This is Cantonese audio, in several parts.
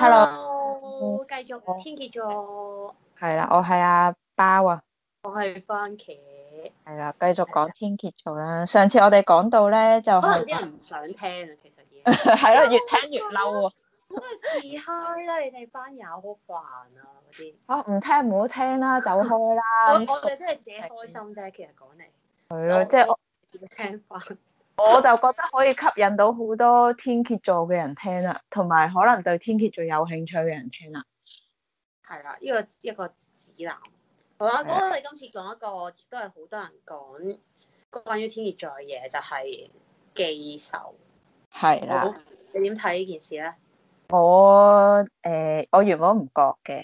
hello，繼續天蠍座。係啦，我係阿包啊。我係番茄。係啦，繼續講天蠍座啦。上次我哋講到咧，就係、是、啲人唔想聽啊，其實。係咯 的， 越聽越嬲啊！都係自嗨啦，你哋班友好煩啊，嗰啲。嚇唔聽唔好聽啦，走開啦！ 我哋真係自己開心啫，其實講嚟。係咯的，就即係我點聽法？我就覺得可以吸引到好多天蠍座嘅人聽啦，同埋可能對天蠍座有興趣嘅人聽啦。係啦，呢、這個一、這個指南。好啦，咁的你今次講一個亦都係好多人講關於天蠍座嘅嘢，就係、是、記仇。係啦的，你點睇呢件事咧？我誒、呃，我原本唔覺嘅，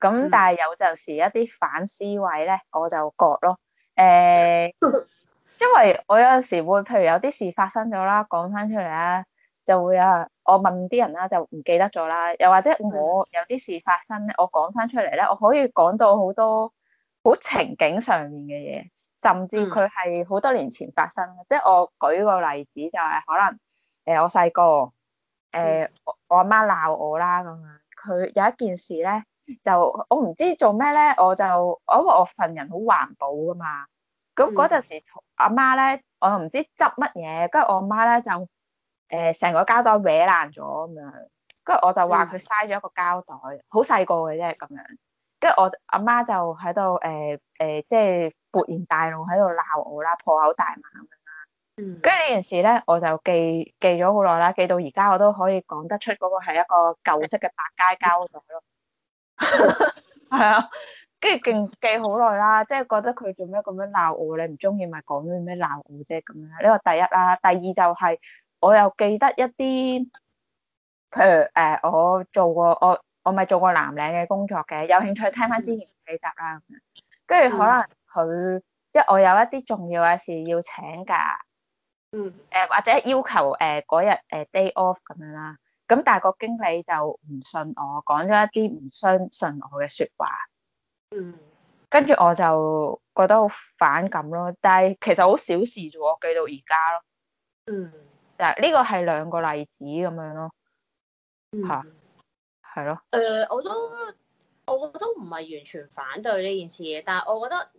咁、嗯、但係有陣時一啲反思維咧，我就覺咯，誒、呃。 因為我有陣時會，譬如有啲事發生咗啦，講翻出嚟咧，就會呀，我問啲人啦，就唔記得咗啦。又或者我有啲事發生，我講翻出嚟咧，我可以講到好多好情景上面嘅嘢，甚至佢係好多年前發生嘅。嗯、即係我舉個例子就係、是、可能誒、呃、我細個誒我阿媽鬧我啦咁樣。佢有一件事咧，就我唔知做咩咧，我就因為我份人好環保噶嘛。咁嗰陣時，阿媽咧，我又唔知執乜嘢，跟住我阿媽咧就，誒、呃，成個膠袋歪爛咗咁樣，跟住我就話佢嘥咗一個膠袋，好細個嘅啫咁樣，跟住我阿媽就喺度誒誒，即係勃然大怒喺度鬧我啦，破口大罵咁樣啦。 嗯，跟住呢件事咧，我就記記咗好耐啦，記到而家我都可以講得出嗰個係一個舊式嘅百佳膠袋咯。係啊。跟住勁記好耐啦，即係覺得佢做咩咁樣鬧我？你唔中意咪講啲咩鬧我啫咁樣。呢個第一啦，第二就係、是、我又記得一啲，譬如誒、呃，我做過我我咪做過藍領嘅工作嘅，有興趣聽翻之前幾集啦。跟住可能佢即係我有一啲重要嘅事要請假，嗯、呃、誒或者要求誒嗰日誒 day off 咁樣啦。咁但係個經理就唔信我，講咗一啲唔相信我嘅説話。嗯，跟住我就覺得好反感咯，但係其實好小事啫，我記到而家咯。嗯，嗱，呢個係兩個例子咁樣咯，吓係、嗯啊、咯。誒、呃，我都，我覺得唔係完全反對呢件事嘅。但係我覺得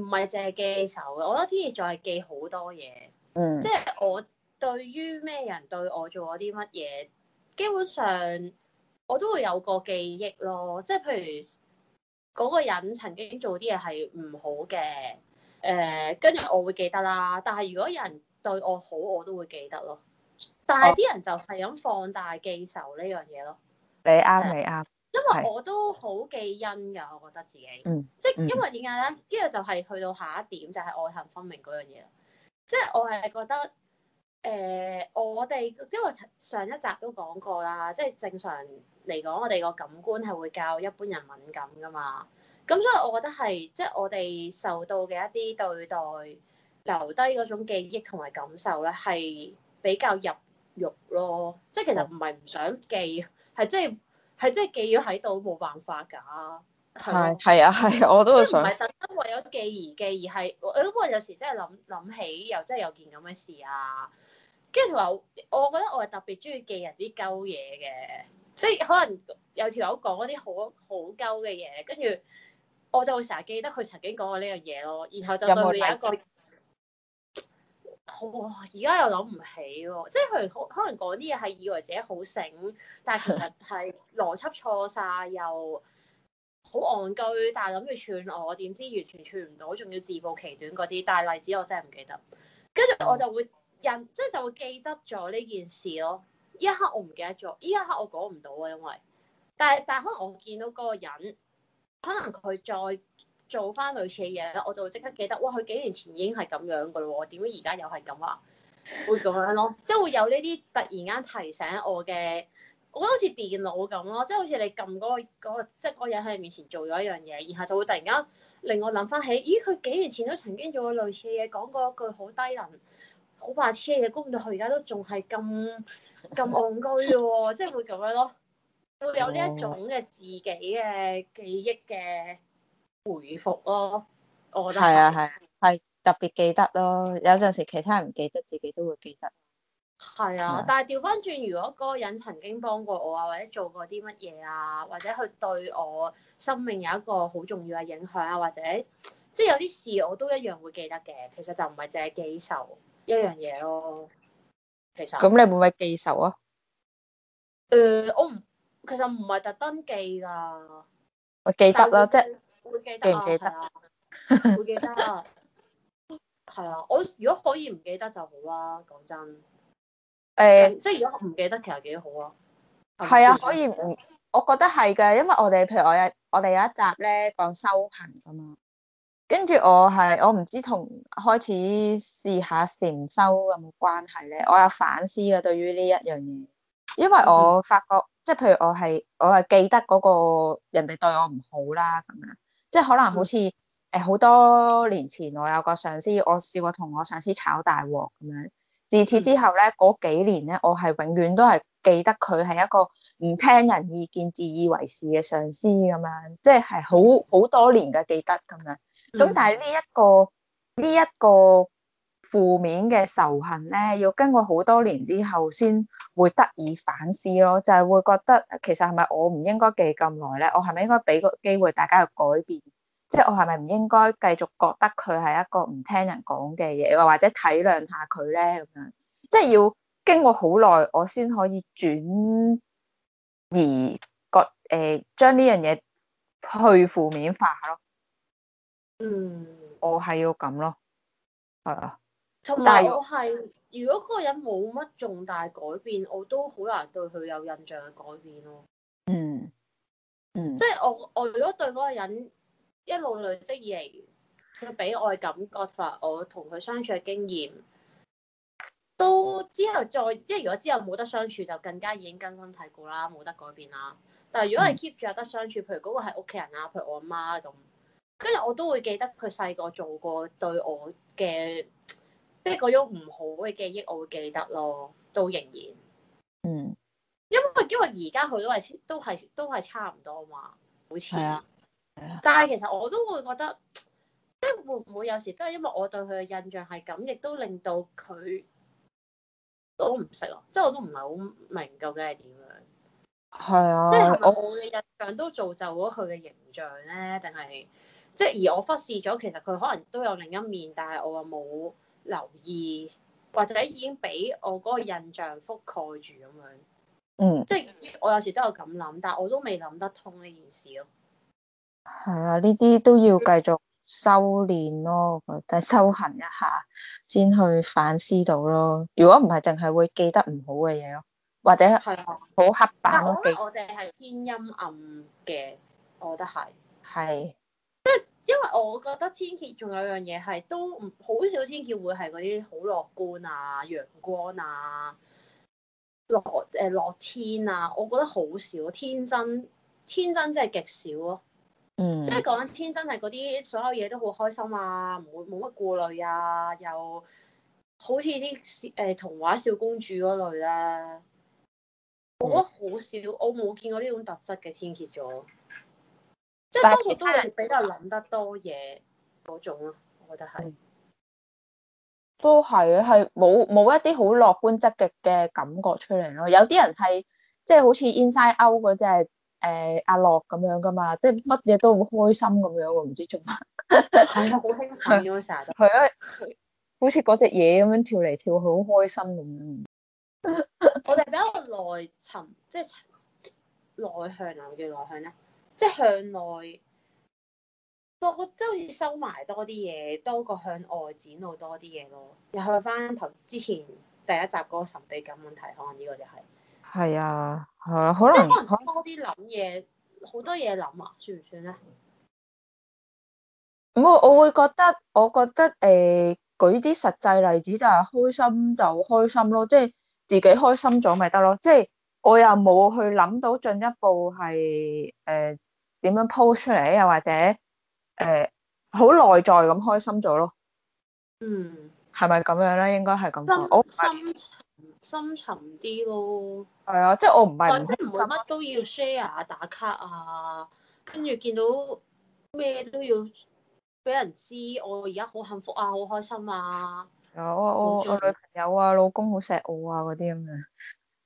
唔係淨係記仇嘅，我覺得天蠍座係記好多嘢。嗯。即係我對於咩人對我做咗啲乜嘢，基本上我都會有個記憶咯，即係譬如。嗰個人曾經做啲嘢係唔好嘅，誒、呃，跟住我會記得啦。但係如果有人對我好，我都會記得咯。但係啲人就係咁放大記仇呢樣嘢咯。你啱，你啱。因為我，是我都好記恩㗎，我覺得自己。即係、嗯嗯、因為點解咧？跟住就係去到下一點，就係、是、愛恨分明嗰樣嘢啦。即係我係覺得，誒、呃，我哋因為上一集都講過啦，即、就、係、是、正常。嚟講，我哋個感官係會較一般人敏感噶嘛，咁所以我覺得係，即係我哋受到嘅一啲對待，留低嗰種記憶同埋感受咧，係比較入肉咯。即係其實唔係唔想記，係即係係真係記咗喺度冇辦法㗎。係係啊，係啊，我都想。即係唔係為咗記而記，而係我因為有時真係諗諗起又真係有件咁嘅事啊。跟住同埋我覺得我係特別中意記人啲鳩嘢嘅。即係可能有條友講嗰啲好好鳩嘅嘢，跟住我就會成日記得佢曾經講過呢樣嘢咯。然後就對佢有一個，好，而家又諗唔起喎。即係佢可能講啲嘢係以為自己好醒，但係其實係邏輯錯晒，又好戇居，但係諗住串我，點知完全串唔到，仲要自暴其短嗰啲。但係例子我真係唔記得，跟住我就會印、嗯，即係就會記得咗呢件事咯。一刻我唔記得咗，依一刻我講唔到啊，因為但係但係可能我見到嗰個人，可能佢再做翻類似嘅嘢咧，我就會即刻記得哇！佢幾年前已經係咁樣噶咯喎，點解而家又係咁啊？會咁樣咯，即係會有呢啲突然間提醒我嘅，我覺得好似電腦咁咯，即係好似你撳嗰、嗰個、嗰個、即係嗰人喺你面前做咗一樣嘢，然後就會突然間令我諗翻起咦，佢幾年前都曾經做過類似嘅嘢，講過一句好低能好白痴嘅嘢，估唔到佢而家都仲係咁。咁戇居嘅喎，即係會咁樣咯，會有呢一種嘅自己嘅記憶嘅回復咯。我覺得係啊，係係特別記得咯。有陣時其他人唔記得，自己都會記得。係啊，啊但係調翻轉，如果嗰個人曾經幫過我啊，或者做過啲乜嘢啊，或者佢對我生命有一個好重要嘅影響啊，或者即係有啲事我都一樣會記得嘅。其實就唔係淨係記仇一樣嘢咯。咁你會唔會記仇啊？誒、呃，我唔，其實唔係特登記噶我記得啦，即係會記得啊，記唔記得啊？啊會記得，啊，係 啊，我如果可以唔記得就好啦，啊，講真，誒、欸，即係如果我唔記得其實幾好啊，係啊，可以唔，我覺得係嘅，因為我哋譬如我有，我哋有一集咧講修行噶嘛。跟住我係，我唔知同開始試下禪修有冇關係咧。我有反思嘅，對於呢一樣嘢，因為我發覺，嗯、即係譬如我係，我係記得嗰個人哋對我唔好啦，咁樣，即係可能好似誒，好、嗯、多年前我有個上司，我試過同我上司炒大鑊咁樣。自此之後咧，嗰幾年咧，我係永遠都係記得佢係一個唔聽人意見、自以為是嘅上司咁樣，即係係好好多年嘅記得咁樣。咁、嗯、但係呢一個呢一、這個負面嘅仇恨咧，要經過好多年之後先會得以反思咯，就係、是、會覺得其實係咪我唔應該記咁耐咧？我係咪應該俾個機會大家去改變？即、就、係、是、我係咪唔應該繼續覺得佢係一個唔聽人講嘅嘢，或或者體諒下佢咧咁樣？即、就、係、是、要經過好耐，我先可以轉而覺誒，將呢樣嘢去負面化咯。嗯，我係要咁咯，係、uh，啊。同埋我係，如果嗰個人冇乜重大改變，我都好難對佢有印象去改變咯。嗯，嗯，即係我我如果對嗰個人一路累積而嚟，佢俾我嘅感覺同埋我同佢相處嘅經驗，都之後再，即係如果之後冇得相處，就更加已經根深蒂固啦，冇得改變啦。但係如果係 keep 住有得相處，譬如嗰個係屋企人啊，譬如我阿媽咁。跟住我都會記得佢細個做過對我嘅，即係嗰種唔好嘅記憶，我會記得咯，都仍然，嗯，因為因為而家佢都係都係都係差唔多嘛，好似係啊，但係其實我都會覺得，即係會唔會有時都係因為我對佢嘅印象係咁，亦都令到佢，我都唔識咯，即係我都唔係好明究竟係點樣，係啊，即係我嘅印象都造就咗佢嘅形象咧，定係？即係而我忽視咗，其實佢可能都有另一面，但係我又冇留意，或者已經俾我嗰個印象覆蓋住咁樣。嗯。即係我有時都有咁諗，但我都未諗得通呢件事咯。係啊，呢啲都要繼續修練咯，但係修行一下先去反思到咯。如果唔係，淨係會記得唔好嘅嘢咯，或者係好黑板。我哋係偏陰暗嘅，我覺得係係。因為我覺得天蠍仲有樣嘢係都唔好少，天蠍會係嗰啲好樂觀啊、陽光啊、樂誒樂天啊，我覺得好少，天真天真真係極少咯、啊。嗯。即係講緊天真係嗰啲所有嘢都好開心啊，冇冇乜顧慮啊，又好似啲誒童話小公主嗰類啦、啊。我覺得好少，嗯、我冇見過呢種特質嘅天蠍座。即多數都係比較諗得多嘢嗰種咯，嗯、我覺得係，都係啊，係冇冇一啲好樂觀積極嘅感覺出嚟咯。有啲人係即係好似 Inside Out 嗰隻誒阿樂咁樣噶嘛，即係乜嘢都好開心咁樣，唔知做乜，係啊，好興奮啊，成日都係啊，好似嗰隻嘢咁樣跳嚟跳去，好開心咁樣。 我哋比較內沉，即係內向啊？叫內向咧？即係向內多，即係好似收埋多啲嘢，多過向外展露多啲嘢咯。又去翻頭之前第一集嗰個神秘感問題，可能呢個就係係啊，係啊，可能即可能多啲諗嘢，好多嘢諗啊，算唔算咧？唔會，我會覺得我覺得誒、呃，舉啲實際例子就係、是、開心就開心咯，即係自己開心咗咪得咯。即係我又冇去諗到進一步係誒。呃點樣鋪出嚟？又或者誒、好、呃、內在咁開心咗咯。嗯，係咪咁樣咧？應該係咁。深沉深沉啲咯。係啊，即、就、係、是、我唔係唔會乜都要 share 打卡啊，跟住見到咩都要俾人知，我而家好幸福啊，好開心啊。有我我我女朋友啊，老公好錫我啊，嗰啲咁樣。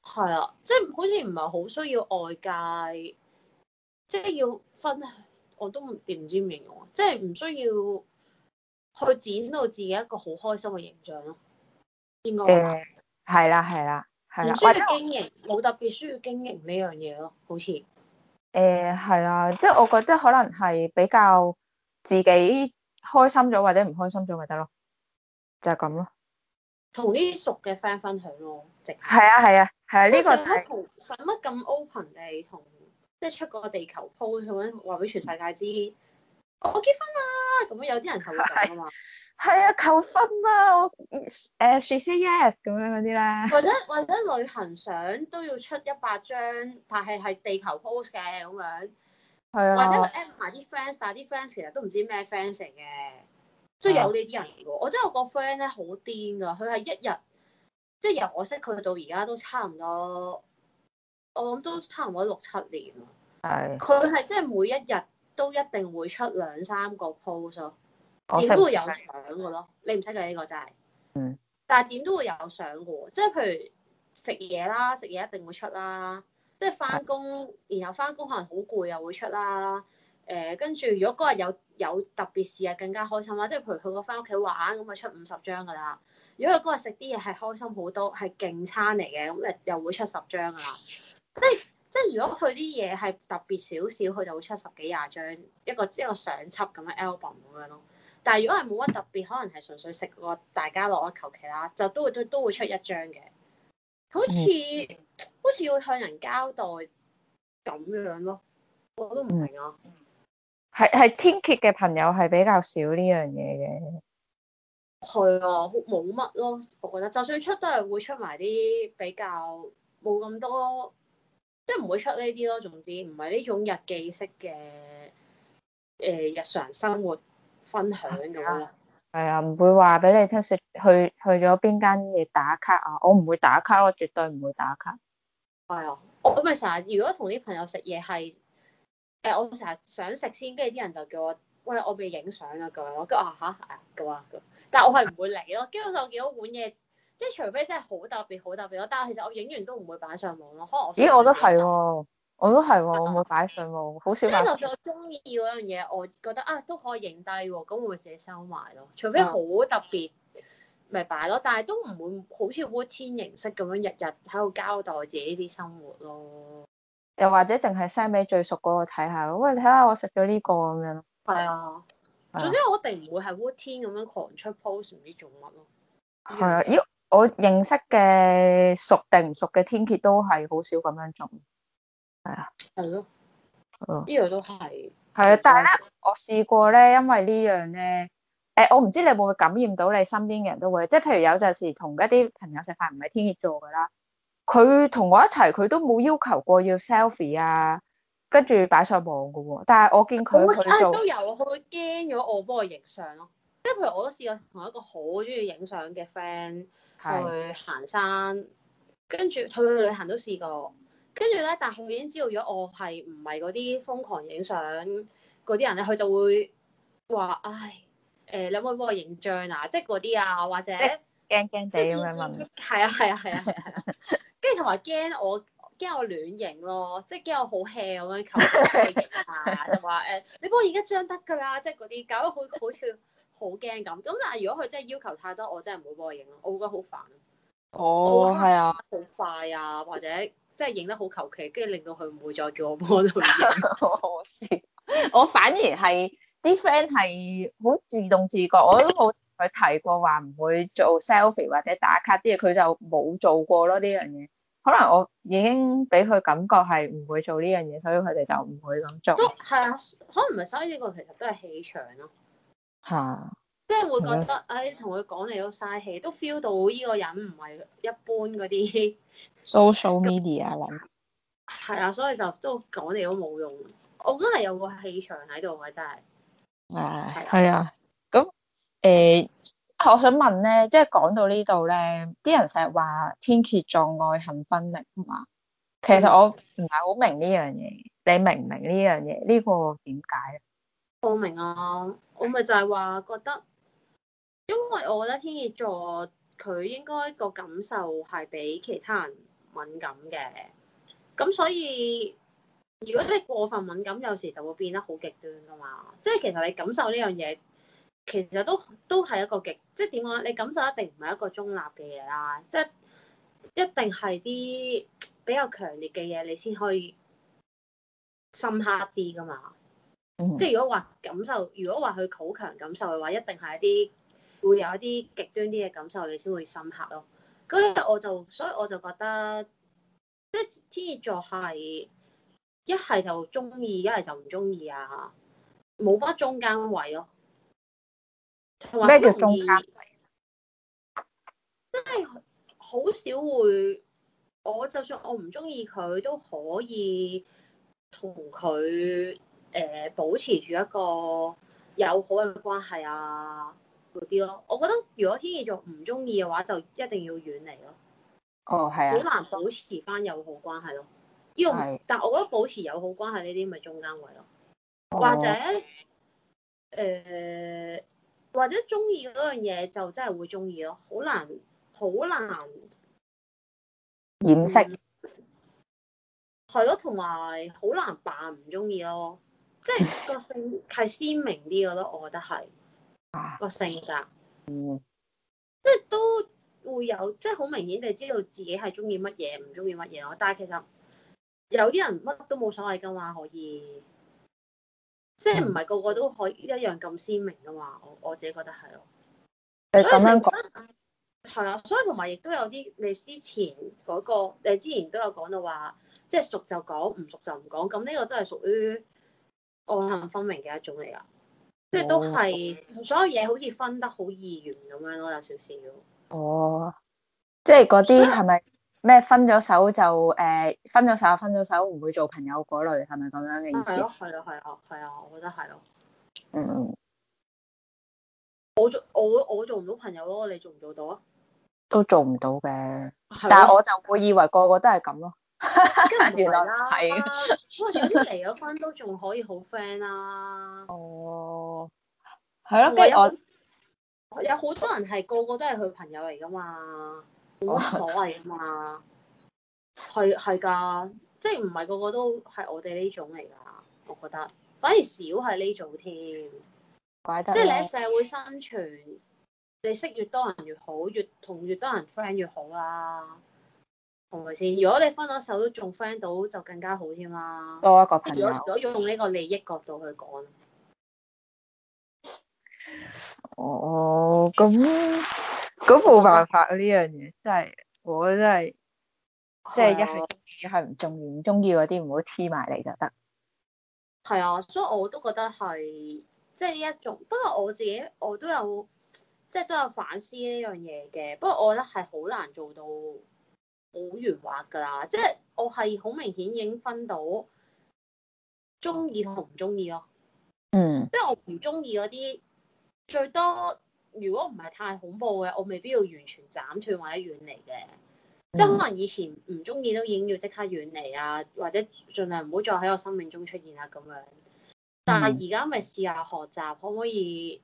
係啊，即、就、係、是、好似唔係好需要外界。即係要分享，我都唔點唔知點形容啊！即係唔需要去展到自己一個好開心嘅形象咯，應該係。係啦係啦，唔需要經營，冇特別需要經營呢樣嘢咯，好似。誒、欸，係啊，即係我覺得可能係比較自己開心咗或者唔開心咗咪得咯，就係咁咯。同呢啲熟嘅 friend 分享咯，直係。係啊係啊，係啊呢、啊但這個使乜咁 open 地同？即係出個地球 pose 咁樣，話俾全世界知我結婚啦。咁樣有啲人求咁啊嘛，係啊，求婚啦、啊，誒、呃、，she say、yes, e s 咁樣嗰啲咧。或者或者旅行相都要出一百張，但係係地球 pose 嘅咁樣。係啊。或者佢 add 埋啲 friends，但係啲 friends 其實都唔知咩 friends 成嘅，即係有呢啲人嘅。我真係我個 friend 咧好癲噶，佢係一日，即係由我識佢到而家都差唔多。我諗都差唔多六七年咯，佢係的即係每一日都一定會出兩三個 post 咯，點都會有相嘅咯。你唔識嘅呢個就係，嗯，但係點都會有相嘅，即係譬如食嘢啦，食嘢一定會出啦，即係翻工，的然後翻工可能好攰又會出啦，誒、呃，跟住如果嗰日有有特別事啊，更加開心啦，即係譬如去個翻屋企玩咁啊，出五十張㗎啦。如果佢嗰日食啲嘢係開心好多，係勁餐嚟嘅，咁又又會出十張㗎啦。即係即係，如果佢啲嘢係特別少少，佢就會出十幾廿張一個一個,一個上輯咁樣 album 咁樣咯。但係如果係冇乜特別，可能係純粹食個大家樂啊，求其啦，就都會都都會出一張嘅。好似、嗯、好似會向人交代咁樣咯，我都唔明啊。係係天蠍嘅朋友係比較少呢樣嘢嘅。係啊，冇乜咯。我覺得就算出都係會出埋啲比較冇咁多。即係唔會出呢啲咯，總之唔係呢種日記式嘅誒、呃、日常生活分享咁咯。係啊，唔、啊、會話俾你聽食去去咗邊間嘢打卡啊！我唔會打卡，我絕對唔會打卡。係啊、哎，我咪成日如果同啲朋友食嘢係誒，我成日想食先，跟住啲人就叫我喂，我未影相啊咁樣，跟啊嚇，咁啊咁，但係我係唔會理咯，基本上我幾好碗嘢。即係除非真係好特別好特別咯，但係其實我影完都唔會擺上網咯。可能我咦？我都係喎，我都係喎，唔 會擺上網，好少。即就算我中意嗰樣嘢，我覺得啊都可以影低喎，咁會自己收埋咯。除非好特別，咪擺咯。但係都唔會好似 Wooden 形式咁樣日日喺度交代自己啲生活咯。又或者淨係 send 俾最熟嗰個睇下咯。喂，你睇下我食咗呢個咁樣咯。係 啊， 總之我一定唔會係 Wooden 咁樣狂出 pose 唔知做乜咯。係啊，咦？ 我認識嘅熟定唔熟嘅天蠍都係好少咁樣做，係啊了，係咯的，呢樣都係係啊。對但係咧，我試過咧，因為樣呢樣咧，誒、欸，我唔知你有冇去感染到你身邊嘅人都會，即係譬如有陣時同一啲朋友食飯，唔係天蠍座㗎啦，佢同我一齊，佢都冇要求過要 selfie 啊，跟住擺上網㗎喎。但係我見佢會做都有，佢驚咗我幫佢影相咯。即係譬如我都試過同一個好中意影相嘅 friend，是去行山，跟住去旅行都試過，跟住咧，但係佢已經知道咗我係唔係嗰啲瘋狂影相嗰啲人咧，佢就會話：唉，誒、欸，你可唔可以幫我影張啊？即係嗰啲啊，或者驚驚地咁樣問，係啊這樣，係啊，係啊，係啊，跟住同埋驚我驚我亂影咯，即係驚我好 hea 咁樣求其影下， 就話誒、欸，你幫我影一張得㗎啦，即係嗰啲，搞到好好似。好驚咁，咁但係如果佢真係要求太多，我真係唔會幫佢影咯，我會覺得好煩。哦，係啊，好快啊，的或者即係影得好求其，跟住令到佢唔會再叫我幫佢影。 我反而係啲 friend 係好自動自覺，我都冇佢提過話唔會做 selfie 或者打卡啲嘢，佢就冇做過咯呢樣嘢。可能我已經俾佢感覺係唔會做呢樣嘢，所以佢哋就唔會咁做。 都係啊，可能唔係，所以呢個其實都係氣場咯。吓，啊、即係會覺得，的哎，同佢講你都嘥氣，都 feel 到呢個人唔係一般嗰啲 social media 人，係啊，所以就都講你都冇用。我真係有個氣場喺度嘅，真係係係啊。咁誒的的、欸，我想問咧，即係講到呢度咧，啲人成日話天蠍座愛恨分明嘛，其實我唔係好明呢樣嘢，你明唔明呢樣嘢？呢、呢個點解？我明啊，我咪就係話覺得，因為我覺得天蠍座佢應該個感受係比其他人敏感嘅，咁所以如果你過分敏感，有時就會變得好極端㗎嘛。即係其實你感受呢樣嘢，其實都都係一個極，即係點講呢？你感受一定唔係一個中立嘅嘢啦，即係一定係啲比較強烈嘅嘢，你先可以深刻啲㗎嘛。嗯、即係如果話感受，如果話佢好強感受嘅話，一定係一啲會有一啲極端啲嘅感受，你先會深刻咯。所以我就所以我就覺得，即係天蠍座係一係就中意，一係就唔中意啊，冇乜中間位咯、啊。咩叫中間？真係好少會，我就算我唔中意佢都可以同佢。誒、呃、保持住一個友好嘅關係啊，嗰啲咯，我覺得如果天蠍座唔中意嘅話，就一定要遠離咯。哦，係啊，好難保持返友好關係咯。要，是但我覺得保持友好關係呢啲咪中間位咯，哦、或者誒、呃，或者中意嗰樣嘢就真係會中意咯，好難，好難掩飾。係、嗯啊、咯，同埋好難扮唔中意咯。即係個性係鮮明啲嘅咯，我覺得係個性格，即係都會有，即係好明顯地知道自己係中意乜嘢，唔中意乜嘢咯。但係其實有啲人乜都冇所謂嘅嘛，可以即係唔係個個都可以一樣咁鮮明嘅嘛。我我自己覺得係咯，所以明真係啊，所以同埋亦都有啲，你之前嗰個，你之前都有講到話，即係熟就講，唔熟就唔講。咁呢個都係屬於愛恨分明嘅一種嚟㗎，即係都係、哦、所有嘢好似分得好二元咁樣咯，有少少。哦，即係嗰啲係咪咩分咗手就誒 分咗手分咗手唔會做朋友嗰類係咪咁樣嘅意思？係咯，係啊，係啊，係啊,啊,啊，我覺得係咯、啊。嗯我我，我做我我做唔到朋友咯，你做唔做到啊？都做唔到嘅，嗎但係我就會以為個個都係咁咯。咁原來係，哇！ 總之離咗婚， 都仲可以好 friend 啦，啊。哦，係咯，有有我有好多人係個個都係佢朋友嚟噶嘛，冇所謂噶嘛。係係噶，即係唔係個個都係我哋呢種嚟噶？我覺得反而少係呢種添。怪得即係你喺社會生存，你識越多人越好，越同越多人 friend 越好啦，啊。同佢先？如果你分咗手都仲 friend 到，就更加好添啦。多一個朋友。如果要用呢個利益角度去講，哦，咁咁冇辦法啊！呢樣嘢真係，我真係，即係，一係唔中意，唔中意嗰啲唔好黐埋嚟就得。係啊，所以我都覺得係，即係呢一種。不過我自己我都有，即係都有反思呢樣嘢嘅。不過我覺得係好難做到。好圓滑噶啦，即係我係好明顯已經分到中意同唔中意咯。嗯，即係我唔中意嗰啲，最多如果唔係太恐怖嘅，我未必要完全斬斷或者遠離嘅。嗯、即係可能以前唔中意都已經要即刻遠離啊，或者盡量唔好再喺我生命中出現啊咁樣。但係而家咪試下學習、嗯、可唔可以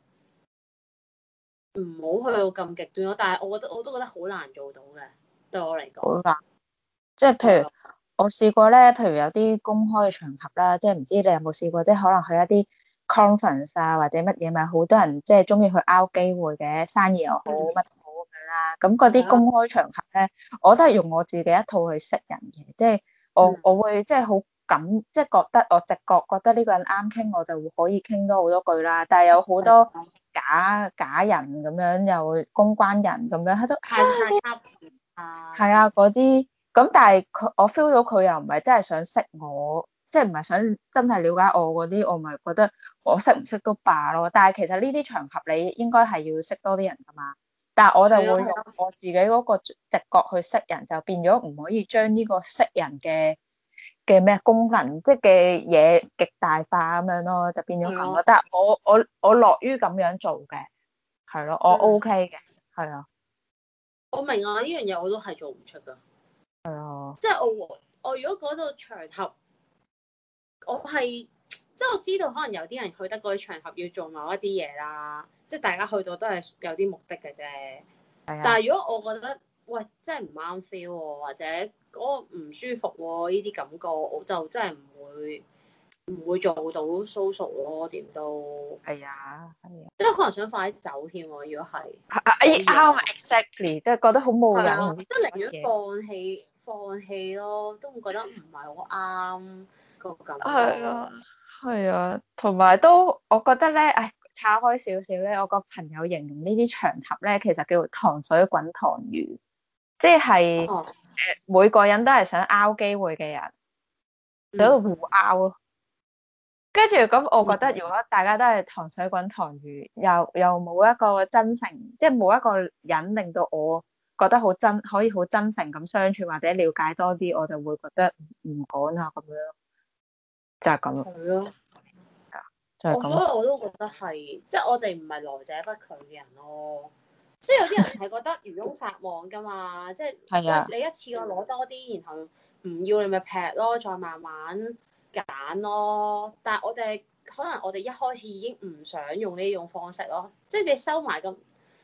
唔好去到咁極端咯？但係我覺得我都覺得好難做到嘅。對我嚟講啦，即係譬如我試過咧，譬如有啲公開嘅場合啦，即係唔知你有冇試過，即係可能去一啲 conference 啊，或者乜嘢，咪好多人即係中意去拗 out 機會嘅，生意又好乜，嗯、好咁樣啦。咁嗰啲公開場合咧，嗯、我都係用我自己一套去識人嘅，即係我我會即係好感，即係覺得我直覺覺得呢個人啱傾，我就會可以傾多好多句啦。但係有好多假假人咁樣又公關人咁樣，都係。嗯嗯係、uh, 啊，嗰啲咁，但係佢我 feel 到佢又唔係真係想識我，即係唔係想真係了解我嗰啲，我咪覺得我識唔識都罷咯。但係其實呢啲場合你應該係要識多啲人噶嘛。但係我就會用我自己嗰個直覺去識人，就變咗唔可以將呢個識人嘅嘅咩功能，即係嘅嘢極大化咁樣咯，就變咗、mm hmm. 我覺得我我我樂於咁樣做嘅，係咯、啊，我 OK 嘅，係啊。我明啊，呢樣嘢我都係做唔出㗎，係啊的，即係我我如果嗰個場合，我係即係我知道可能有啲人去得嗰啲場合要做某一啲嘢啦，即係大家去到都係有啲目的嘅啫，係啊的。但係如果我覺得喂，真係唔啱 feel 或者嗰個唔舒服呢、啊、啲感覺，我就真係唔會。唔會做到 social 咯，哎，點都係啊，係啊，即係可能想快走添、啊、喎。如果係，啊，Exactly，即係覺得好冇癮，即係寧願放棄，放棄棄咯，都覺得唔係好啱個咁。係啊，係啊，同埋、啊、都，我覺得咧，唉，岔開少少咧，我個朋友形容呢啲場合咧，其實叫糖水滾糖魚，即係誒，啊啊、每個人都係想 out 機會嘅人，你喺度互 out 咯。嗯跟住咁，我覺得如果大家都係塘水滾塘魚，又又冇一個真誠，即係冇一個人令到我覺得好真，可以好真誠咁相處或者了解多啲，我就會覺得唔講啦咁樣。就係咁咯。係咯。係啊。就係咁。所以我，我都覺得係，即係我哋唔係來者不拒嘅人咯。即係有啲人係覺得漁翁撒網㗎嘛，即係 你一次過攞多啲，然後唔要你咪劈咯，再慢慢。揀咯，但係我哋可能我哋一開始已經唔想用呢種方式咯，即係你收埋咁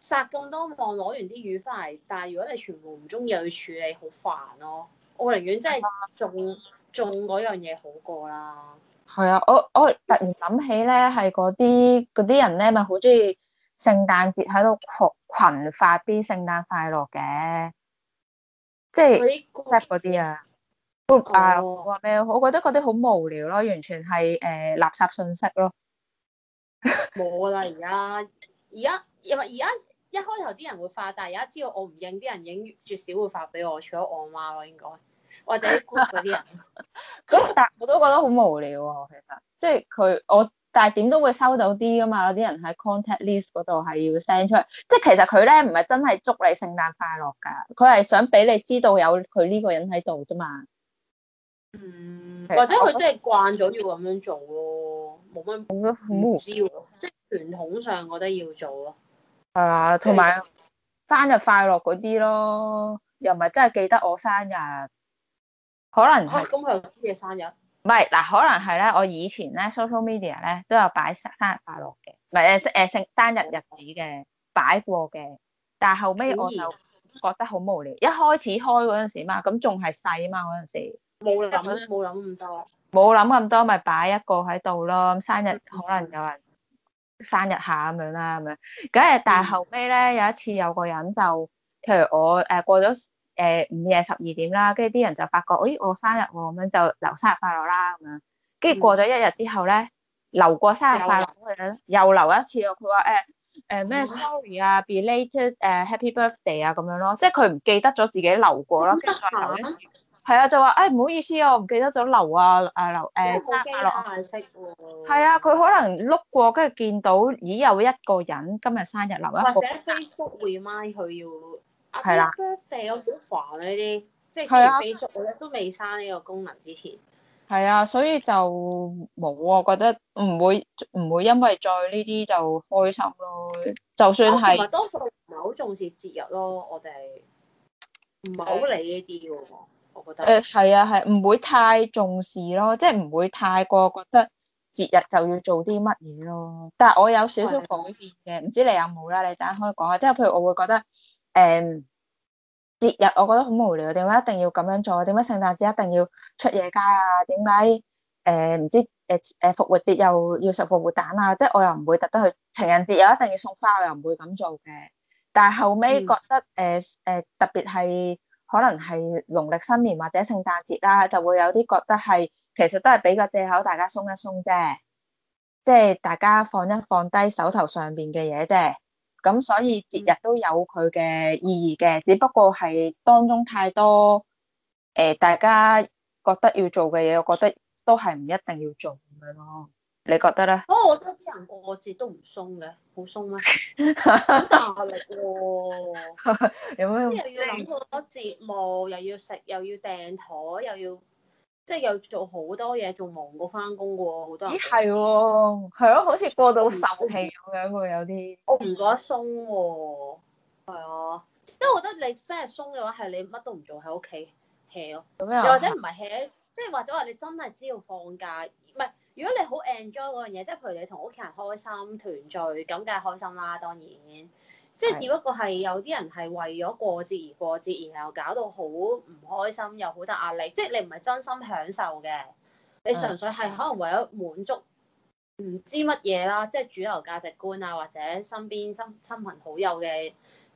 撒咁多網，攞完啲魚翻嚟，但係如果你全部唔中意，又要處理，好煩咯。我寧願真係種種嗰樣嘢好過啦。係啊，我我突然諗起咧，係嗰啲嗰啲人咧，咪好中意聖誕節喺度群群發啲聖誕快樂嘅，即係嗰啲 set 嗰啲啊。Oh. 啊！我咩？我覺得嗰啲好無聊咯，完全係誒、呃、垃圾信息咯。冇 啦，而家而家又唔係而家一開頭啲人會發，但係而家知道我唔應啲人影，絕少會發俾我，除咗我媽咯應該，應該或者 group 嗰啲人。咁 但我都覺得好無聊啊、哦。其實即係佢我，但係點都會收到啲噶嘛。有啲人喺 contact list 嗰度係要 send 出嚟，即係其實佢咧唔係真係祝你聖誕快樂噶，佢係想俾你知道有佢呢個人喺度啫嘛。嗯，或者佢真係慣咗要咁樣做咯，冇乜冇乜唔知、嗯、即係傳統上我都要做咯，係啊，同埋生日快樂嗰啲咯，又唔係真係記得我生日，可能係咁佢嘅生日？唔係嗱，可能係咧，我以前咧 social media 咧都有擺生日快樂嘅，唔係誒誒，聖、呃、誕日日子嘅擺過嘅，但係後尾我就覺得好無聊。一開始開嗰陣時嘛，咁仲係細啊嘛，嗰陣時。冇諗，冇諗咁多。冇諗咁多，咪擺一個喺度咯。咁生日可能有人生日下咁樣啦，咁樣。梗係，但係後尾咧，有一次有個人就，譬如我誒過咗誒午夜十二點啦，跟住啲人就發覺，誒我生日喎，咁樣就留生日快樂啦咁樣。跟住過咗一日之後咧，留過生日快樂，又留一次。佢話誒誒咩？Sorry 啊，be late 誒，Happy birthday 啊，咁樣咯，即係佢唔記得咗自己留過咯，跟住再留一次。係啊，就話誒唔好意思啊，我唔記得咗留啊，誒留誒張伯樂。係啊，佢、啊啊啊、可能碌過，跟住見到咦有一個人今日生日留一或者 Facebook 會 remind 佢要係啦。我好煩呢啲，即係寫 Facebook、啊、都未刪呢個功能之前。係啊，所以就冇啊，覺得唔會唔會因為再呢啲就開心咯。就算係。同埋多數唔係好重視節日咯，我哋唔係好理呢啲噶。誒，係、呃、啊，係唔、啊、會太重視咯，即係唔會太過覺得節日就要做啲乜嘢咯。但係我有少少改變嘅，唔的知你有冇啦？你等下可以講下，即係譬如我會覺得誒，節、嗯、日我覺得好無聊，點解一定要咁樣做？點解聖誕節一定要出夜街啊？點解誒唔知誒誒復活節又要食復活蛋啊？即係我又唔會特登去情人節又一定要送花，我又唔會咁做嘅。但係後尾覺得誒誒、嗯呃、特別係。可能係農曆新年或者聖誕節啦，就會有啲覺得係，其實都係俾個借口，大家鬆一鬆啫，即係大家放一放低手頭上面嘅嘢啫。咁所以節日都有佢嘅意義嘅，只不過係當中太多誒、呃，大家覺得要做嘅嘢，我覺得都係唔一定要做咁樣咯。你覺得咧？哦、oh，我覺得啲人過節都唔鬆嘅，好鬆咩？好大力喎！ 有咩什麼？又要諗到節目，又要食，又要訂台，又要即係又做好多嘢，仲忙過翻工好多咦，係喎、哦，係咯、哦，好似過到手氣咁樣嘅有啲。我唔覺得鬆喎，係啊，即係我覺得你真係鬆嘅話，係你乜都唔做喺屋企 hea 咯。咁樣又或者唔係 hea，即係或者話你真係知道放假唔係。如果你好 enjoy 嗰樣嘢，即係譬如你同屋企人開心團聚，咁梗係開心啦，當然。即係只不過係有啲人係為咗過節而過節，然後搞到好唔開心，又好大壓力。即係你唔係真心享受嘅，你純粹係可能為咗滿足唔知乜嘢啦，即係主流價值觀啊，或者身邊親親朋好友嘅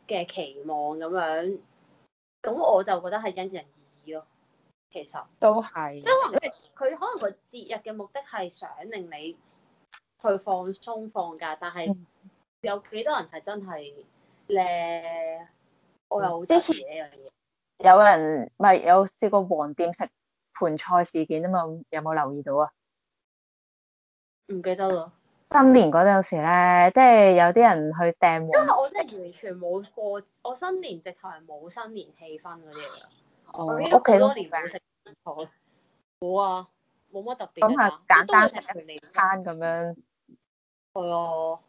嘅期望咁樣。咁我就覺得係因人而異咯。其實都係，即係話佢，佢可能個節日嘅目的係想令你去放鬆放假，但係有幾多人係真係咧？我又好支持呢樣嘢。有人咪有試過黃店食盆菜事件啊嘛？有冇留意到啊？唔記得啦。新年嗰陣時咧，即係有啲人去訂黃，因為我真係完全冇過我新年，直頭係冇新年氣氛嗰啲噶。哦，屋企、oh, okay. 多年冇食，冇啊，冇乜特別咁啊，簡單食便利店餐咁樣，係啊，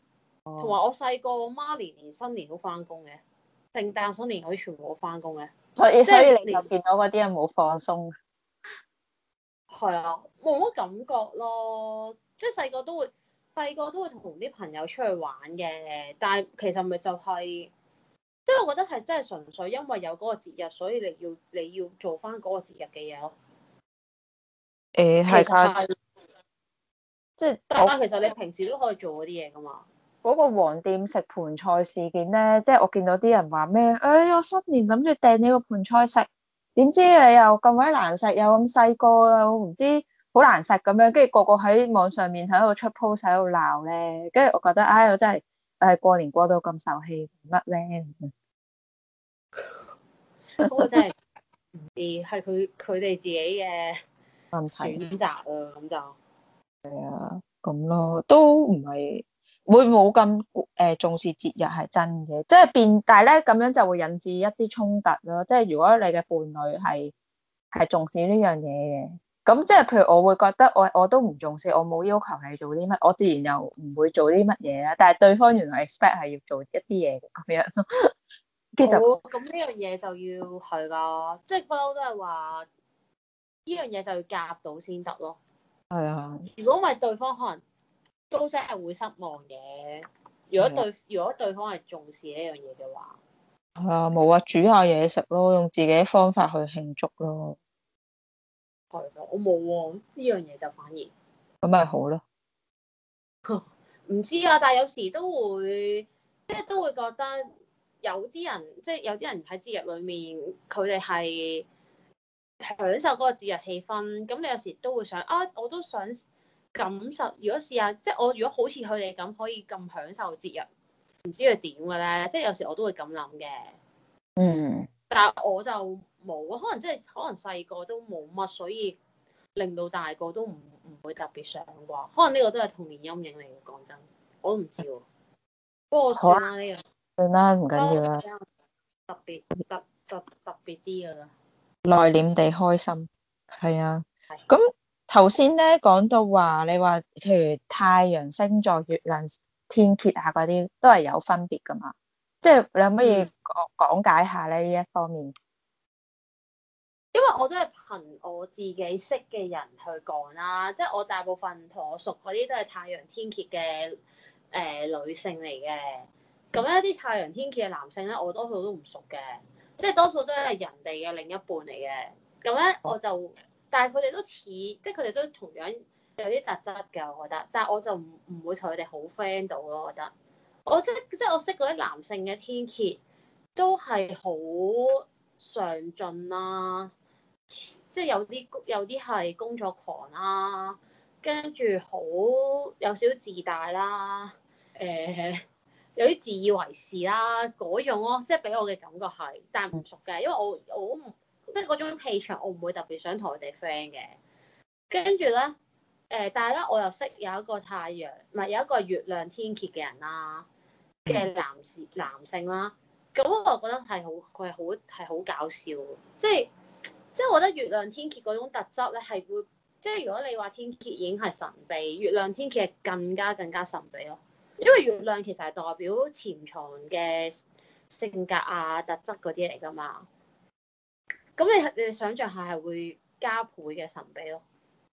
同埋我細個我媽年年新年都翻工嘅，聖誕新年佢全部翻工嘅，所以所以你就見到嗰啲人冇放鬆，係啊，冇乜感覺咯，即係細個都會，細個都會同啲朋友出去玩嘅，但係其實咪就係、是。即係我覺得係真係純粹因為有嗰個節日，所以你要你要做翻嗰個節日嘅嘢咯。誒，係啊，即係。但係其實你平時都可以做嗰啲嘢噶嘛。嗰個黃店食盆菜事件咧，即係我見到啲人話咩？哎我新年諗住訂你個盆菜食，點知你又咁鬼難食，又咁細個，又唔知好難食咁樣，跟住個個喺網上面喺度出 post 喺度鬧咧，跟住我覺得哎，我真係～係過年過到咁受氣，乜咧？不過我真係唔知係佢佢哋自己嘅選擇啦。咁就係啊，咁咯，都唔係會冇咁，誒，重視節日係真嘅，即係變，但係咧咁樣就會引致一啲衝突咯。即係如果你嘅伴侶係係重視呢樣嘢嘅。咁即係，譬如我會覺得我我都唔重視，我冇要求你做啲乜，我自然又唔會做啲乜嘢啦。但係對方原來 expect 係要做一啲嘢嘅，咩啊？其實哦，咁、嗯、呢樣嘢就要係咯，即係不嬲都係話呢樣嘢就要夾到先得咯。係啊的，如果唔係對方可能都真係會失望嘅。如果對的如果對方係重視呢樣嘢嘅話，係啊，冇啊，煮下嘢食咯，用自己方法去慶祝咯。係咯，我冇喎。呢樣嘢就反而咁咪好咯。唔知啊，但係有時都會，即係都會覺得有啲人，即係有啲人喺節日裏面，佢哋係享受嗰個節日氣氛。咁你有時都會想啊，我都想感受。如果試下，即係我如果好似佢哋咁，可以咁享受節日，唔知佢點嘅咧？即係有時我都會咁諗嘅。嗯。但係我就冇啊，可能即係可能細個都冇乜，所以令到大個都唔唔會特別想啩。可能呢個都係童年陰影嚟，講真，我都唔知喎。不過算啦呢樣，算啦，唔緊要啦。特別特特特別啲噶啦，內斂地開心係啊。咁頭先咧講到話，你話譬如太陽星座、月亮、天蠍啊嗰啲，都係有分別噶嘛？即係你有乜嘢，講講解下咧呢一方面？因為我都係憑我自己識嘅人去講啦，即係我大部分同我熟嗰啲都係太陽天蠍嘅誒女性嚟嘅。咁咧啲太陽天蠍嘅男性咧，我多數都唔熟嘅，即係多數都係人哋嘅另一半嚟嘅。咁咧我就，但係佢哋都似，即係佢哋都同樣有啲特質嘅，我覺得。但係我就唔唔會同佢哋好 friend 到咯，我覺得。我識即係、就是、我識嗰啲男性嘅天蠍都係好上進啦、啊，即、就、係、是、有啲有啲係工作狂啦、啊，跟住好有少少自大啦，誒、欸、有啲自以為是啦嗰種咯，即係俾我嘅感覺係，但係唔熟嘅，因為我我唔即係嗰種氣場，我唔會特別想同佢哋 friend 嘅。跟住咧誒，但係咧我又識有一個太陽唔係有一個月亮天蠍嘅人啦、啊。嘅男士男，男性啦，咁我覺得係好，佢係好係好搞笑，即係即係我覺得月亮天蠍嗰種特質咧係會，即係如果你話天蠍已經係神秘，月亮天蠍係更加更加神秘咯，因為月亮其實係代表潛藏嘅性格啊特質嗰啲嚟噶嘛，咁你你想象下係會加倍嘅神秘咯，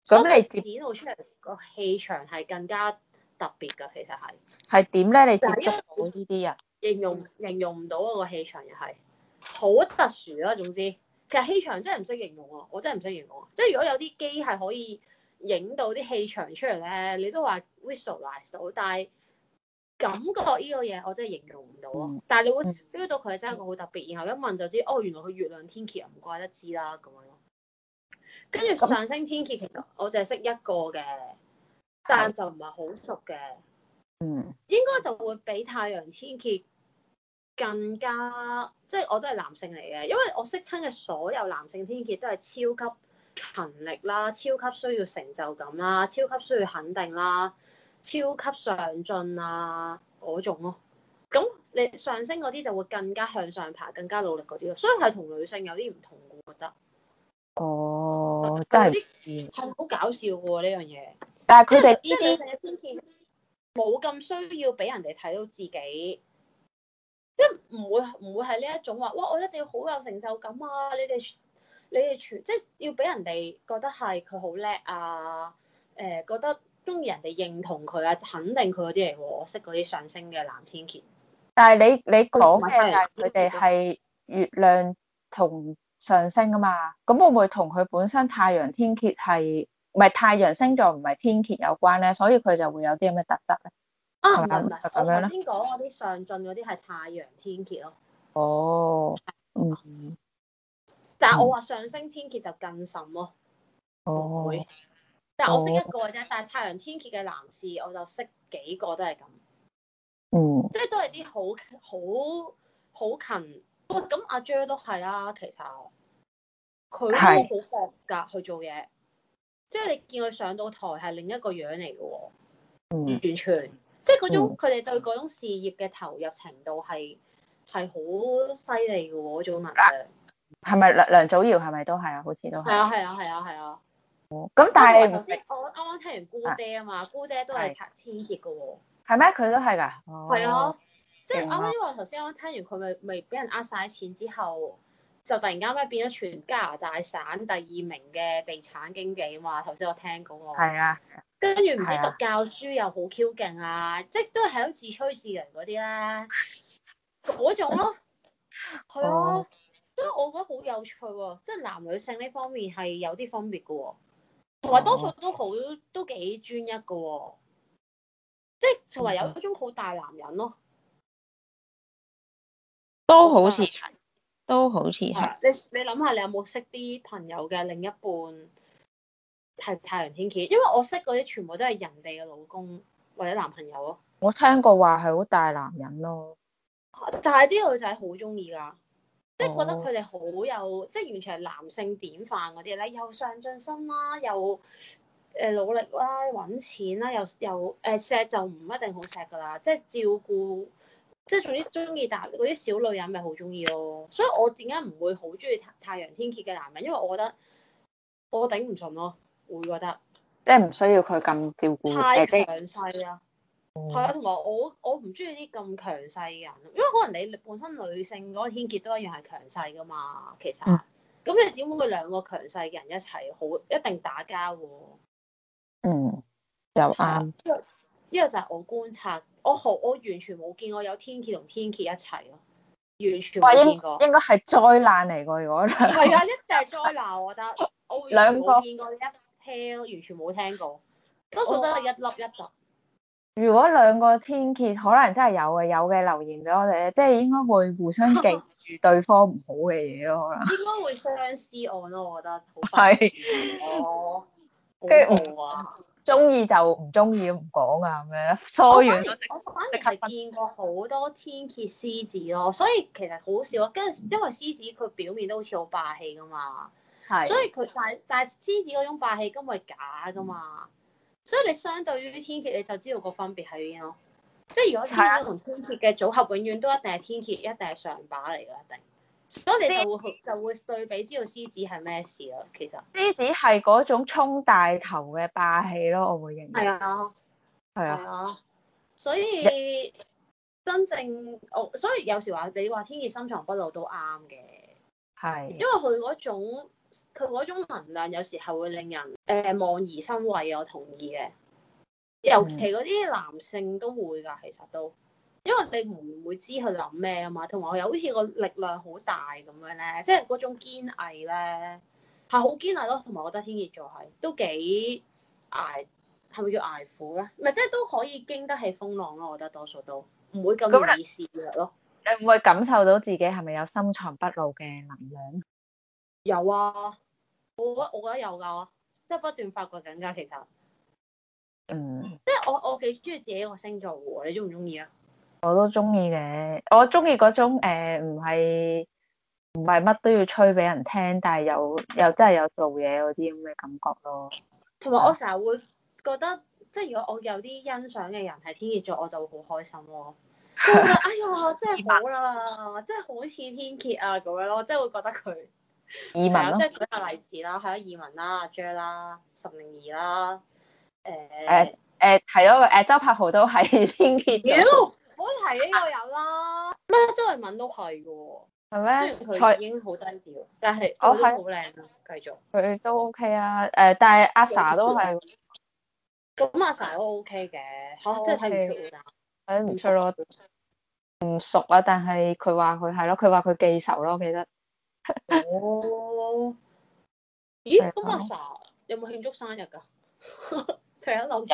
咁你係展露出嚟個氣場係更加。特別噶，其實係係點咧？你接觸到呢啲啊形？形容形容唔到啊！個氣場又係好特殊咯、啊。總之，其實氣場真係唔識形容啊！我真係唔識形容啊！即係如果有啲機係可以影到啲氣場出嚟咧，你都話 visualize 到，但係感覺呢個嘢我真係形容唔到啊！嗯、但係你會 feel 到佢係真係一個好特別，嗯、然後一問就知、嗯、哦，原來佢月亮天蠍唔怪得知啦、啊、咁樣。跟住上升天蠍，其實我淨係識一個嘅。但就唔係好熟嘅，嗯，應該就會比太陽天蠍更加，即係我都係男性嚟嘅，因為我識親嘅所有男性天蠍都係超級勤力啦，超級需要成就感啦，超級需要肯定啦，超級上進啊嗰種咯。咁你上升嗰啲就會更加向上爬，更加努力嗰啲咯，所以係同女性有啲唔同，我覺得。哦，但係係好搞笑嘅呢樣嘢。這個但係佢哋呢啲冇咁需要俾人哋睇到自己，即係唔會唔會係呢一種話，哇！我一定要好有成就感啊！你哋你哋全即係、就是、要俾人哋覺得係佢好叻啊，誒、呃，覺得中意人哋認同佢啊，肯定佢嗰啲嚟。我識嗰啲上升嘅藍天蠍，但係你你講佢哋係月亮同上升啊嘛，咁會唔會同佢本身太陽天蠍係？唔係太陽星座唔係天蠍有關咧，所以佢就會有啲咁嘅特質咧。啊唔係，不是不是我頭先講嗰啲上進嗰啲係太陽天蠍咯。哦，嗯。但係我話上升天蠍就更甚咯。哦。嗯、但係我識一個啫，哦、但係太陽天蠍嘅男士，我就識幾個都係咁。嗯。即係都係啲好好好勤。咁阿 j a 都係啦，其實佢都好搏㗎去做嘢。即係你見佢上到台係另一個樣嚟嘅喎，完全即係嗰種佢哋對嗰種事業嘅投入程度係係好犀利嘅喎，嗰種物嘅。係咪梁梁祖堯係咪都係啊？好似都係啊！係啊！係啊！係啊！咁但係頭先我啱啱聽完姑爹啊嘛，姑爹都係天蠍嘅喎。係咩？佢都係㗎。係啊，即係啱啱，因為頭先啱啱聽完佢咪咪俾人呃晒錢之後。就突然間咧變咗全加拿大省第二名嘅地產經紀嘛，頭先我聽講我係啊，跟住唔知、啊、讀教書又好 Q 勁啊，啊即係都係自吹自擂嗰啲咧，嗰種咯，係啊，都、啊嗯、我覺得好有趣喎、哦，即係男女性呢方面係有啲分別嘅、哦，啊、同埋多數都好都幾專一嘅、哦，即係同埋有嗰種好大男人咯、哦，嗯、都好似係。都好似係你你諗下，你有冇識啲朋友嘅另一半係太陽天蠍？因為我識嗰啲全部都係人哋嘅老公或者男朋友咯。我聽過話係好大男人咯，但係啲女仔好中意噶，oh. 即係覺得佢哋好有，即係完全係男性典範嗰啲咧，又上進心啦、啊，又誒努力啦、啊，搵錢啦、啊，又又誒錫、呃、就唔一定好錫噶啦，即係照顧。即係總之中意搭嗰啲小女人，咪好中意咯。所以我點解唔會好中意太太陽天蠍嘅男人？因為我覺得我頂唔順咯，會覺得即係唔需要佢咁照顧太強勢啦。係啊，同埋我我唔中意啲咁強勢嘅人，因為可能你本身女性嗰個天蠍都一樣係強勢噶嘛。其實咁你點會兩個強勢嘅人一齊好一定打交嘅？嗯，有啱。呢個就係我觀察，我好我完全冇見過有天蠍同天蠍一齊咯，完全冇見過。應該係災難嚟㗎，如果係。係 啊，一定係災難，我覺得。我兩個冇見過，個一 pair 完全冇聽過，多數都係一粒一集、哦。如果兩個天蠍可能真係有嘅，有嘅留言俾我哋，即係應該會互相記住對方唔好嘅嘢咯。可能 應該會相思案咯，我覺得。係。我是，跟住我話。中意就唔中意，唔講啊，咁樣疏遠。我反而我反而見過好多天蠍獅子咯，所以其實好笑咯。跟住因為獅子佢表面都好似好霸氣噶嘛，係。所以佢但係但係獅子嗰種霸氣根本係假噶嘛。所以你相對於天蠍，你就知道個分別喺邊咯。即係如果天蠍同天蠍嘅組合，永遠都一定係天蠍，一定係上把嚟㗎一定。所以你就會就會對比知道獅子係咩事咯，其實獅子係嗰種衝大頭嘅霸氣咯，我會認係啊，係啊，所以一真正我、哦、所以有時話你話天意深藏不露都啱嘅，係的因為佢嗰種佢嗰種能量有時係會令人誒、呃、望而生畏，我同意嘅，尤其嗰啲男性都會㗎，其實都。因為你唔會知佢諗咩啊嘛，同埋我又好似個力量好大咁樣咧，即係嗰種堅毅咧，係好堅毅咯。同埋我覺得天蠍座係都幾捱，係咪叫捱苦咧？唔係，即係都可以經得起風浪咯。我覺得多數都唔會咁容易示弱咯。你唔會感受到自己係咪有深藏不露嘅能量？有啊，我我我覺得有噶、啊，即係不斷發掘緊噶。其實，嗯，即係我我幾中意自己個星座噶，你中唔中意啊？我都中意嘅，我中意嗰種誒，唔係唔係乜都要吹俾人聽，但係又又真係有做嘢嗰啲咁嘅感覺咯。同埋我成日會覺得，是即係如果我有啲欣賞嘅人係天蠍座，我就會好開心咯。覺得哎呀，真係好啦， 真係好似天蠍啊咁樣咯，我真係會覺得佢。二汶即係舉下例子啦，係咯，二汶啦，阿 Jer 啦，岑寧兒啦，誒誒誒，係咯，誒、哎哎呃哎呃哎呃，周柏豪都係天蠍。 天褲 係呢個有啦，啊，咩周慧敏都係嘅，係咩嗎？佢已經好低調，是但係我都好靚啊。繼續，佢都 OK 啊。誒，但係阿 sa 都係，咁阿 sa 都 OK 嘅吓，即係睇唔出互睇唔出咯，唔熟啊。但係佢話佢係咯，佢話佢記仇咯。我記得 咦？咁阿 sa 有冇慶祝生日噶？ 有、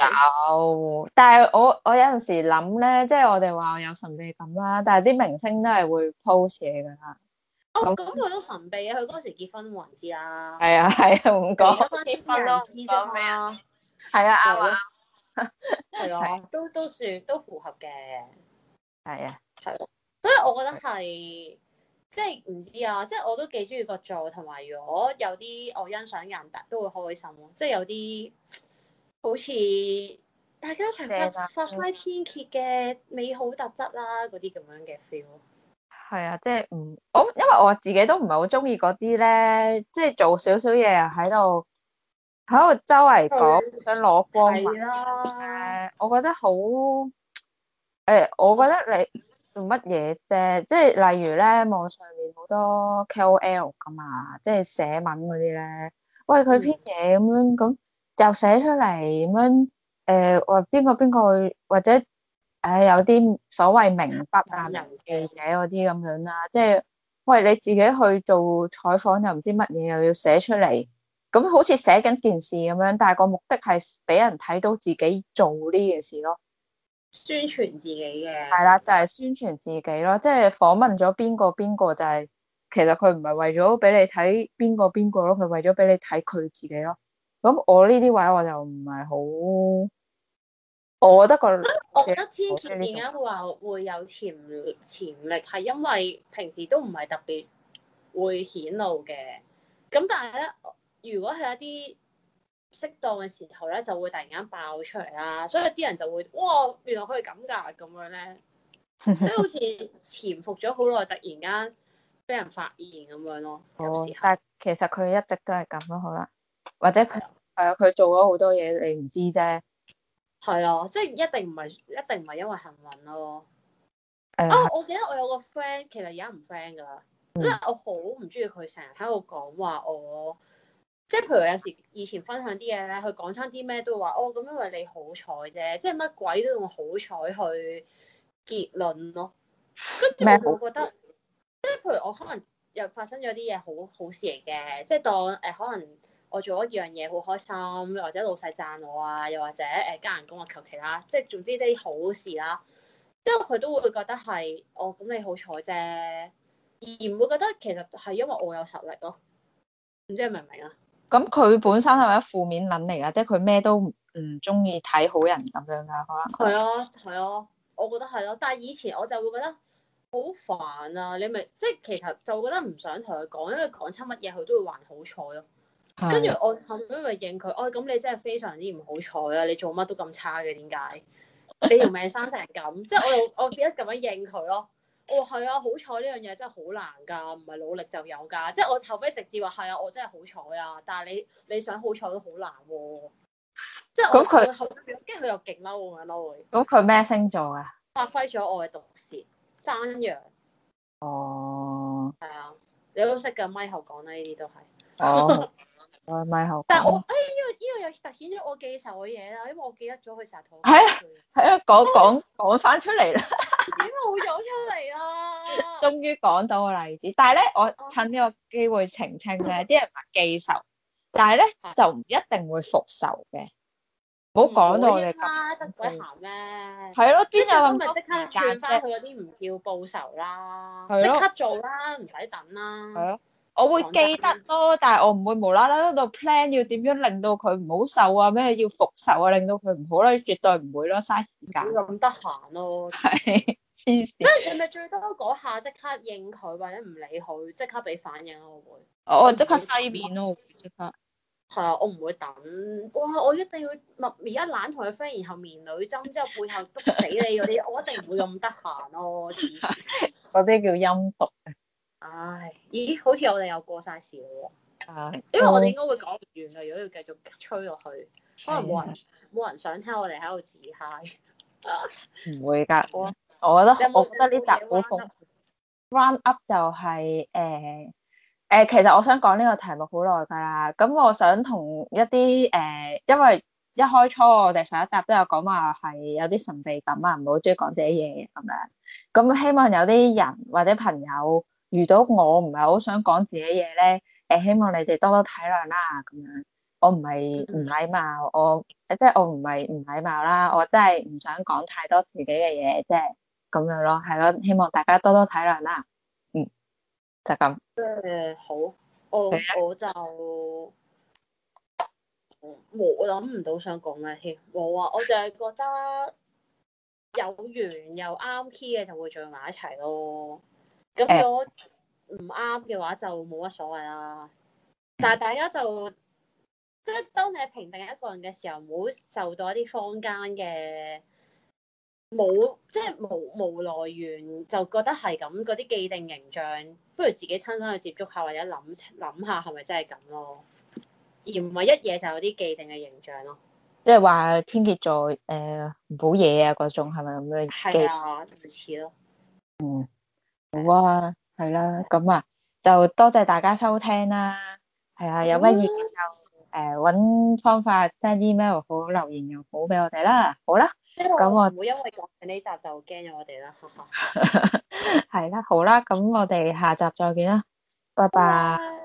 嗯，但係我我有陣時諗咧，即係我哋話有神秘感啦。但係啲明星都係會 post 嘢噶啦。哦，咁佢都神秘啊！佢嗰時結婚都冇人知啦。係啊，係啊，唔講。結婚咯，二十歲啊。係 啊，阿華。係咯，都都算都符合嘅。係啊對，係。所以我覺得係即係唔知啊，即係我都幾中意個座，同埋如果有啲我欣賞人，都會開心咯。即係有啲。好似大家一齊發揮天蠍嘅美好特質啦，嗰啲咁樣嘅 feel。係啊，即係唔我因為我自己都唔係好中意嗰啲咧，即係做少少嘢喺度喺度周圍講對想攞光。係啊，我覺得好誒，我覺得你做乜嘢啫？即係例如咧，網上面好多 KOL 噶嘛，即係寫文嗰啲咧，喂佢編嘢咁樣咁。又寫出嚟咁樣，誒話邊個邊個或者誒、哎、有啲所謂名筆啊，記者嗰啲咁樣啦，即、就、係、是、喂你自己去做採訪又唔知乜嘢又要寫出嚟，咁好似寫緊件事咁樣，但係個目的係俾人睇到自己做呢件事咯，宣傳自己嘅係啦，就係、是、宣傳自己咯，即係訪問咗邊個邊個就係、是，其實佢唔係為咗俾你睇邊個邊個咯，佢為咗俾你睇佢自己咯。咁我呢啲位我就唔係好，我覺得、那個，我覺得天蠍點解會話會有潛潛力，係因為平時都唔係特別會顯露嘅，咁但係咧，如果係一啲適當嘅時候咧，就會突然間爆出嚟啦，所以啲人就會哇，原來可以咁噶，咁樣咧，即係好似潛伏咗好耐，突然間俾人發現咁樣咯。有時 哦，但係其實佢一直都係咁咯，好啦。或者佢係啊，佢的、嗯、做咗好多嘢，你唔知啫。係啊，即係一定唔係，一定唔係因為幸運咯。誒、uh, 哦，我記得我有個 friend，其實而家唔 friend 噶啦，嗯、因為我好唔中意佢成日喺度講話我。即係譬如有時以前分享啲嘢咧，佢講親啲咩都會話哦，咁因為你好彩啫，即係乜鬼都用好彩去結論咯。跟住我覺得，即係譬如我可能又發生咗啲嘢，好好事嚟嘅，即係當誒、呃、可能。我做一樣嘢好開心，或者老細讚我啊，又或者誒加人工啊，求其啦，即係總之啲好事啦。之後佢都會覺得係哦，咁你好彩啫，而唔會覺得其實係因為我有實力咯。唔知你明唔明啊？咁佢本身係咪負面諗嚟啊？即係佢咩都唔中意睇好人咁樣噶？係啊，係啊，我覺得係咯、啊。但係以前我就會覺得好煩啊！你咪即係其實就會覺得唔想同佢講，因為講親乜嘢佢都會還好彩咯、啊。跟住、嗯、我後尾咪應佢，我、哎、咁你真係非常之唔好彩啦！你做乜都咁差嘅，點解你條命生成咁？ 即係我又我記得咁樣應佢咯。我話係、哦、啊，好彩呢樣嘢真係好難㗎，唔係努力就有㗎。即係我後尾直接話係啊，我真係好彩啊！但係你你想好彩都好難喎、啊。即係我後尾，跟住佢又勁嬲啊！嬲、嗯、佢。咁佢咩星座啊？發揮咗我嘅毒舌，山、嗯、羊。哦、嗯。係、嗯、啊，你都識㗎，咪後講啦，呢啲都係。哦。誒，咪好！但係我誒，呢個呢個又突顯咗我記仇嘅嘢啦，因為我記得咗佢成日係啊，係啊，講講講翻出嚟啦，點解會冇咗出嚟啊？終於講到個例子，但係咧，我趁呢個機會澄清咧，啲人話記仇，但係咧就唔一定會復仇嘅，唔好講到我哋咁得鬼咸咩？係咯，邊有咁咪即刻勸翻佢嗰啲唔叫報仇啦，即刻做啦，唔使等啦，係啊。我會記得咯，但係我唔會無啦啦度 plan 要點樣令到佢唔好受啊，咩要復仇啊，令到佢唔好啦、啊，絕對唔會咯，嘥時間咁得閒咯，黐線！嗰陣時咪 病最多嗰下即刻應佢，或者唔理佢即刻俾反應咯，我會。哦、我即刻。西面咯，即刻。係啊，我唔會等。哇，我一定要默而家懶同佢 friend，然後面女針之後背後篤死你嗰啲， 我一定唔會咁得閒咯，黐線！嗰啲 叫陰毒。唉，咦，好似我哋又過晒時嘞喎，係，因為我哋應該會講唔完噶，如果要繼續吹落去，可能冇人冇的人想聽我哋喺度自嗨，唔 會噶，我我覺得有有我覺得呢集好奉、嗯、run up 就係誒誒，其實我想講呢個題目好耐噶啦，咁我想同一啲誒、呃，因為一開初我哋上一集都有講話係有啲神秘感啊，唔好中意講啲嘢咁樣，咁希望有啲人或者朋友。遇到我唔係好想講自己嘢咧，誒，希望你哋多多體諒啦，咁樣，我唔係唔禮貌，我即係、就是、我唔係唔禮貌啦，我真係唔想講太多自己嘅嘢，即係咁樣咯，係咯，希望大家多多體諒啦，嗯，就咁。誒、呃，好，我 我，我就，冇諗唔到想講咩添，冇啊，我就係覺得有緣又啱 key 嘅就會聚埋一齊咯。咁如果唔啱嘅話就冇乜所謂啦，但係大家就即係、嗯、當你評定一個人嘅時候，唔好受到一啲坊間嘅冇即係冇冇來源，就覺得係咁嗰啲既定形象，不如自己親身去接觸下或者諗諗下係咪真係咁咯，而唔係一嘢，就有啲既定嘅形象咯。即係話天蠍座誒唔、呃、好嘢啊，嗰種係咪咁樣？係啊，咪似咯，嗯。好啊，係啦，咁啊，就多謝大家收聽啦。係啊，有乜意見就誒，揾方法 send 啲 email，好留言又好俾我哋啦。好啦，咁我唔會因為講緊呢集就驚咗我哋啦。係啦，好啦，咁我哋下集再見啦，拜拜。